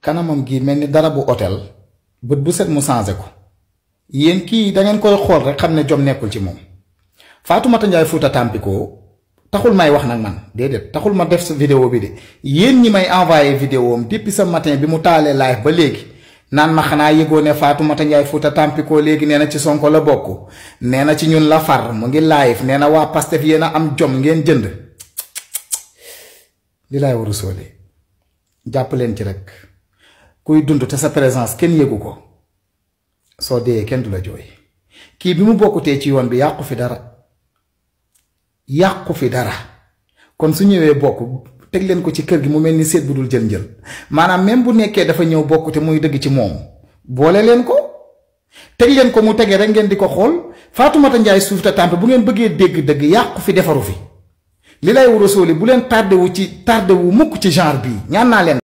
kanamam gi mel ni dara bu hôtel bët bu set mu changé ko yéen kii da ngeen koy xool rek xam ne jom nekkul ci moom Fatoumata Ndiaye Fouta Tampico taxul may wax nag man déedéet taxul ma def sa video bi de yéen ñi may envoyé vidéo am depuis sa matin bi mu taalee live ba léegi naan ma xanaa yëgoo ne Fatoumata Ndiaye Fouta Tampico léegi nee na ci Sonko la bokk nee na ci ñun la far mu ngi live nee na waa Pastef yéen a am jom ngeen jënd li laay waru soole jàpp leen ci rek. kuy dund te sa présence kenn yëgu ko soo dee kenn du la jooy kii bi mu bokkutee ci yoon bi yàqu fi dara yàqu fi dara kon su ñëwee bokk teg leen ko ci kër gi mu mel ni seet bu dul jël njël maanaam même bu nekkee dafa ñëw bokk te muy dëgg ci moom boole leen ko teg leen ko mu tege rek ngeen di ko xool Faatumata Njaay suuf te tàmpe bu ngeen bëggee dégg dëgg yàqu fi defaru fi li lay wuro sóoli bu leen tardé ci tardé wu mukk ci genre bi ñaan naa